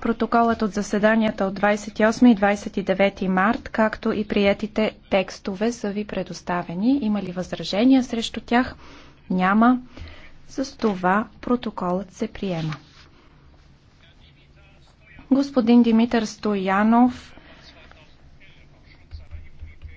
Протоколът от заседанията от 28 и 29 март, както и приетите текстове са ви предоставени. Има ли възражения срещу тях? Няма. С това протоколът се приема. Господин Димитър Стоянов